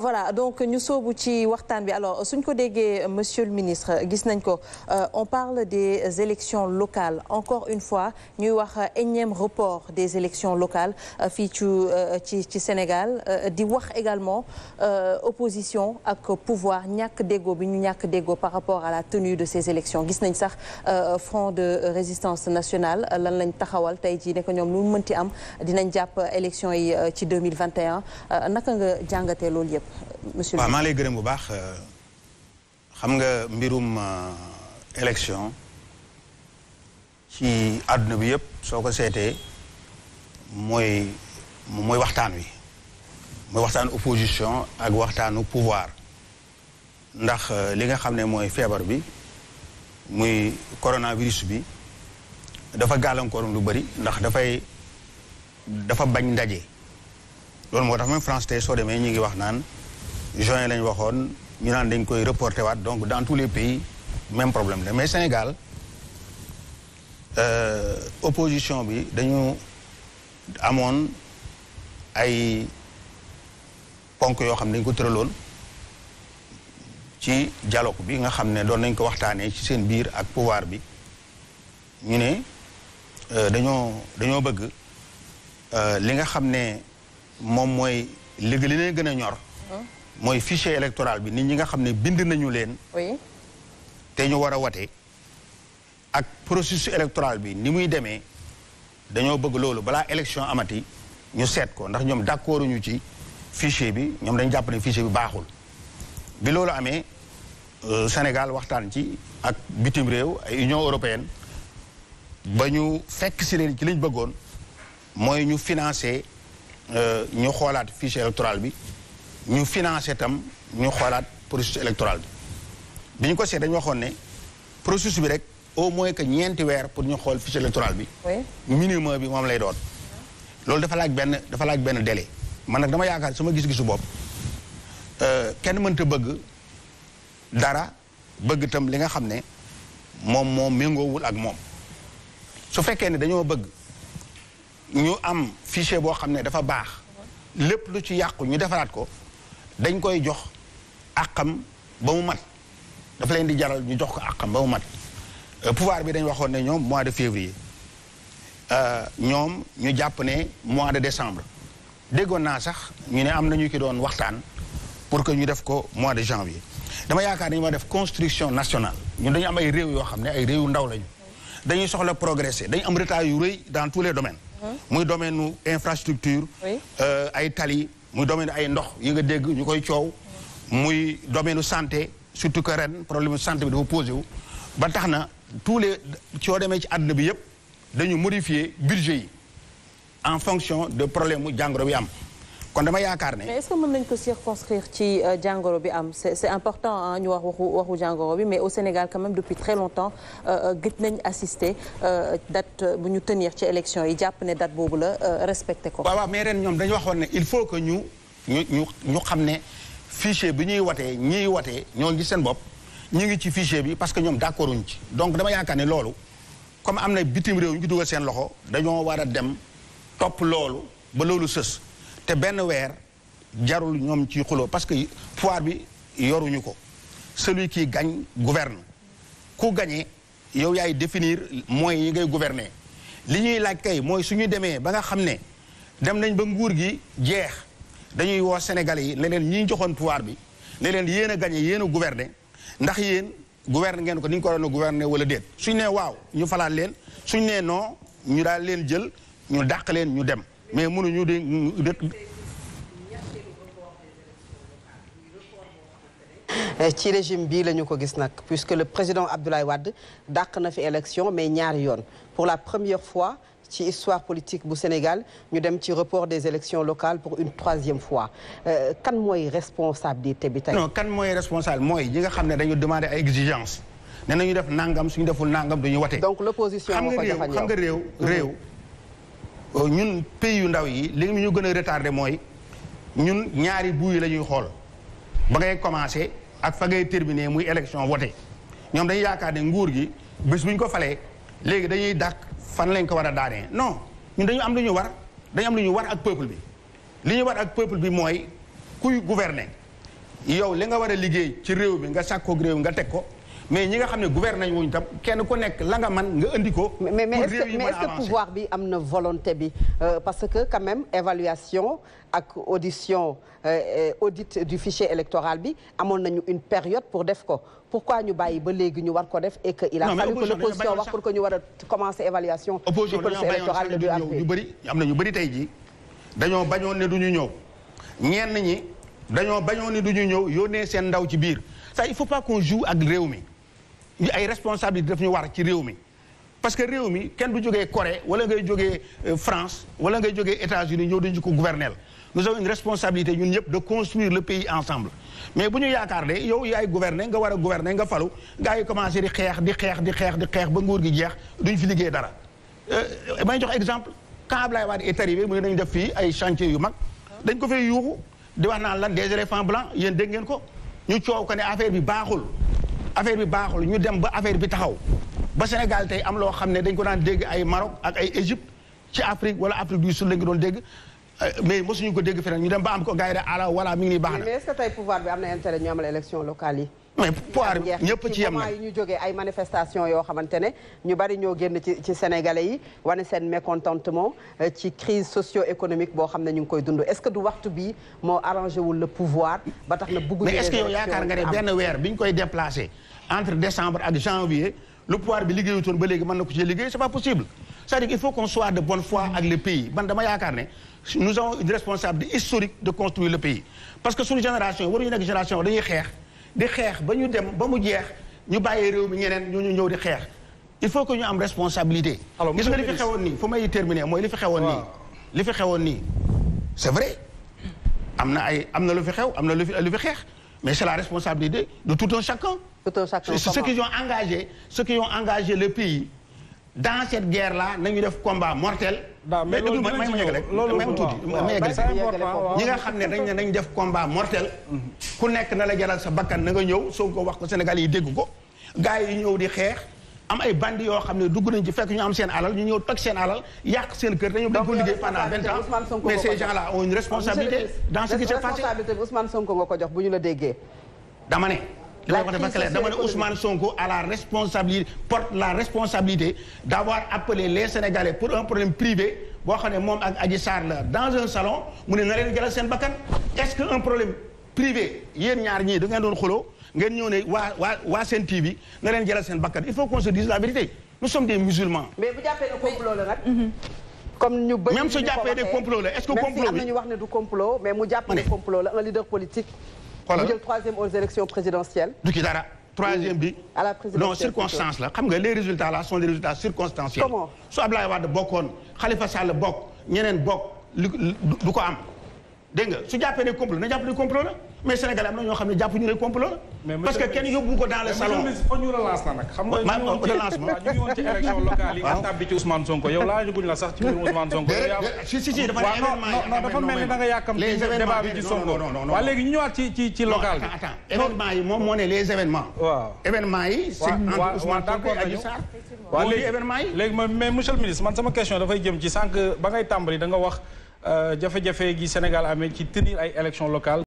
voilà donc ñu soobu ci waxtaan bi alors suñ ko déggee monsieur le ministre gis nañ ko euh, on parle des élections locales encore une fois ñuy wax énième report des élections locales euh, fii ci euh, ci ci Sénégal di wax également opposition ak pouvoir ñàkk déggoo bi ñu ñàkk déggoo par rapport à la tenue de ces élections gis nañ sax front de résistance nationale lan lañ taxawal tey jii ne ko ñoom lu mënti am dinañ jàpp élections yi ci 2021 naka nga jàngatee loolu yëpp monsieur maa lay gërëm bu baax euh, xam nga mbirum euh, élection ci àdduna bi yëpp soo ko seetee mooy mooy waxtaan wi mooy waxtaan opposition ak waxtaanu pouvoir ndax euh, li nga xam ne mooy feebar bi muy coronavirus bi dafa gàllankoor lu bari ndax dafay dafa bañ ndaje. loolu moo tax même France tey soo demee ñu ngi wax naan juin lañ waxoon ñu naan dañ koy reporté waat donc dans tous les pays même problème la mais Sénégal euh, opposition bi dañu amoon ay ponk yoo xam ne dañ ko tëraloon ci dialogue bi nga xam ne doon nañ ko waxtaanee ci seen biir ak pouvoir bi ñu ne euh, dañoo dañoo bëgg euh, li nga xam ne moom mooy léegi li leen gën a ñor. mooy fichier électoral bi nit ñi nga xam ne bind nañu leen. te ñu war a wate ak processus électoral bi ni muy demee dañoo bëgg loolu balaa élection amati ñu seet ko ndax ñoom d'accord ñu ci fichier bi ñoom dañu jàpp ne fichier bi baaxul bi loolu amee euh, Sénégal waxtaan ci ak bitim réew ay Union européenne ba ñu fekk si leen ci lañ bëggoon mooy ñu financer. Euh, ñu xoolaat fichier électoral bi ñu financé tam ñu xoolaat processus électoral bi bi ñu ko seet dañu waxoon ne processus bi rek au moins que ñeenti weer pour ñu xool fichier électoral bi. minimum bi moom lay doon. loolu dafa laaj benn dafa laaj benn délai. man nag dama yaakaar sama gis-gisu bopp euh, kenn mënta bëgg dara bëgg itam li nga xam ne moom moom méngoowul ak moom su fekkee ne dañoo bëgg. ñu am fichier boo xam ne dafa baax lépp lu ci yàqu ñu defaraat ko dañ koy jox xam ba mu mat daf leen di jaral ñu jox ko àqam ba mu mat euh, pouvoir bi dañ waxoon ne ñoom mois de février euh, ñoom ñu jàpp ne mois de décembre déggoon naa sax ñu ne am na ñu ki doon waxtaan pour que ñu def ko mois de janvier dama yaakaar ne ñu ma def construction national ñun dañu am ay réew yoo xam ne ay réewu ndaw lañu dañuy soxla progresser dañu am retard yu rëy dans tous les domaines muy domaine nu infrastructure. Euh, ay tali muy domaine ay ndox yi nga dégg ñu koy coow. muy domaine santé surtout que ren problème santé bi dafa posé wu. ba tax na tous les soo demee ci àdduna bi yëpp dañu modifier budget yi en fonction de problème mu jàngoro bi am. kon dama yaakaar ne. mais est-ce que mën nañ ko circonscrire ci euh, jàngoro bi am c'est c'est important ñu wax waxu waxu jàngoro bi mais au Sénégal quand même depuis très longtemps euh, euh, gëj nañ assister date bu ñu tenir ci élection yi jàpp ne date boobu la respecté ko. waaw waaw mais ren ñoom dañu waxoon ne il faut que ñu ñu ñu ñu xam ne fichier bi ñuy watee ñuy watee ñoo ngi seen bopp ñu ngi ci fichier bi parce que ñoom d'accord uñ ci donc dama yaakaar ne loolu comme am na bitim réew ñu dugal seen loxo dañoo war a dem topp loolu ba loolu sës. te benn weer jarul ñoom ci xuloo parce que pouvoir bi yoruñu ko celui qui gañ gouverne ku gagné yow yaay définir mooy yi ngay gouverner li ñuy laaj kay mooy suñu demee ba nga xam ne dem nañ ba nguur gi jeex dañuy woo Sénégalais yi ne leen ñi joxoon pouvoir bi ne leen yéen a gagné yéen gouverner ndax yéen gouverne ngeen ko ni ñu ko doon a gouverner wala déet suñu ne waaw ñu falaat leen suñu nee noo ñu daal leen jël ñu dàq leen ñu dem mais mënuñu ñu dee ci régime bi la ko gis nag puisque le président Abdoulaye Wade dàq na fi élection mais ñaari yoon pour la première fois ci histoire politique bu Sénégal ñu dem ci report des élections locales pour une troisième fois euh, kan mooy responsabilité bi tey. non kan mooy responsable mooy ñi nga xam ne dañu demander ay exigences nee ñu def nangam suñu deful nangam duñu wate. donc l'opposition moo ko xam nga réew. ñun pays yu ndaw yi li ñu gën a retardé mooy ñun ñaari buuy la ñuy xool ba ngay commencé ak fa ngay terminé muy élection voté ñoom dañuy yaakaar ne nguur gi bis bu ñu ko falee léegi dañuy dàq fan lañ ko war a daanee non ñun dañu am lu ñu war dañu am lu ñu war ak peuple bi li ñu war ak peuple bi mooy kuy gouverner yow li nga war a liggéey ci réew bi nga sàkkoog réew nga teg ko mais ñi nga xam ne gouverner wuñ tam kenn ku nekk la nga man nga indi ko. pour mais mais est ce pouvoir bi am na volonté bi euh, parce que quand même évaluation ak audition euh, audit du fichier électoral bi amoon nañu une période pour def ko pourquoi ñu bàyyi ba léegi ñu war ko def et que il wax pour que ñu war a commencer évaluation. du ñu bëri am na ñu bëri tey jii dañoo bañoon ne du ñu ñëw ñenn ñi dañoo bañoon ne du ñu ñëw yónnee seen ndaw ci biir ça il faut pas qu'on ak réew mi. ay responsabilité daf ñu war ci réew mi parce que réew mi kenn du jóge Corée wala ngay jóge euh, France wala ngay jógee États-Unis ñëw dañu ko gouverner nous avons une responsabilité ñun ñëpp de construire le pays ensemble mais bu ñu yaakaar ne yow yaay gouverner nga war a gouverner nga falu gars yi commencé di xeex di xeex di xeex di xeex ba nguur gi jeex duñ fi liggéey dara euh, may jox exemple quand Ablaye Wade est arrivé mu ne nañ def fii ay chantier yu mag dañ ko fay yuuxu di wax lan des éléphants blancs yéen dégg ngeen ko ñu coow ko ne affaire bi baaxul affaire bi baaxul ñu dem ba affaire bi taxaw ba Sénégal tey am loo xam ne dañ ko daan dégg ay Maroc ak ay Égypte ci Afrique wala Afrique du Sud lañ doon dégg mais mosuñu ko dégg feneen ñu dem ba am ko gars yi de ala wala mi ngi nii baax na. mais est-ce que tey pouvoir bi am na intérêt ñu amal élection locale yi. mais pouvoir bi ñëpp ci yem na yi ñu jógee ay manifestation yoo xamante ne ñu bari ñoo génn ci ci sénégalais yi wane seen mécontentement euh, ci crise socio-économique boo xam ne ñu ngi koy dund est-ce que du waxtu bi moo arrangé wul le pouvoir ba tax na bugg mais est-ce que benn weer bi ñu koy déplacé entre décembre ak janvier le pouvoir bi liggéeyutoon ba léegi mën na ko ci liggéey c'est pas possible c'est-à-dire il faut qu'on de bonne foi ak le pays man dama yaakaar ne nous avons une responsabilité historique de construire le pays parce que suñu génération yi waruñu nekk génération dañuy xeex di xeex ba ñu dem ba mu jeex ñu bàyyi réew mi ñeneen ñooñu ñëw di xeex il faut que ñu am responsabilité gis nga li fi xewoon nii fu may li fi xewoon nii li c'est vrai am na ay am na lu fi xew am na lu fi lu fi xeex mais c'est la responsabilité de tout un chacun tout qui ont engagé ceux qui ont engagé le pays dans cette guerre là nañu def combat mortel. waaw mais loolu ma yegg rek ma tuuti ma yegg rek ñi nga xam ne dañ ne nañ def combat mortel. Mhm. ku nekk na la jaral sa bakkan na nga ñëw soo ko wax ko Sénégal yi dégg ko. gars yi ñëw di xeex am ay bandi yoo xam ne dugg nañ ci fekk ñu am seen alal ñu ñëw toj seen alal yàq seen kër dañu dañ ko euh, liggéey pendant vingt ans mais ces gens là ont une ah, ko jox bu ñu la déggee. dama ne. la dama ne Ousmane Sonko a la responsabilité porte la responsabilité d'avoir appelé les Sénégalais pour un problème privé boo xam ne moom ak Adji Sarr la dans un salon mu ne na leen jëlal seen bakkan est-ce que un problème privé yéen ñaar ñii da ngeen doon xuloo ngeen ñëw ne waa waa waa seen TV na leen jëlal seen bakkan il faut qu'on se la vérité nous sommes des musulmans. mais bu jàppee ne complot la nag. Mm-hmm. comme ne complot la est-ce que complot bi wax ne du complot mais mu jàpp ne complot la un leader xoolal mu jël troisième aux élections présidentielles. du ci dara. troisième bi à la présidentielle non circonstance la xam nga les résultats là sont des résultats circonstanciels. comment su Ablaye Wade bokkoon Khalifa Sall bokk ñeneen bokk li du ko am. dégg nga su jàppee ne complot na jàpp ne complot la mais Sénégalais am na ñoo xam ne jàpp ñu ne complot la. parce que kenn yóbbu ko dans le salon. mais ñu relance la nag. xam nga ñu ngi woon ci élection locale yi nga ah. tàbbi ci Ousmane Sonko yow laajaguñ la sax ci biir Ousmane Sonko. si si si dafa ne événement yi non dafa mel ni da nga yàkkam ci débat bi ci Sonko waaw léegi ñu ñëwaat ci ci ci local bi. attends événement yi moom moo ne les événements. waaw événement yi. c'est entre Ousmane Sonko ak Adji Sarr. waaw léegi événement yi léegi mais monsieur le ministre man sama question dafay jëm ci sànq ba ngay tàmbali da nga wax Euh, jafe-jafe gi Sénégal amee ci tenir ay élections locale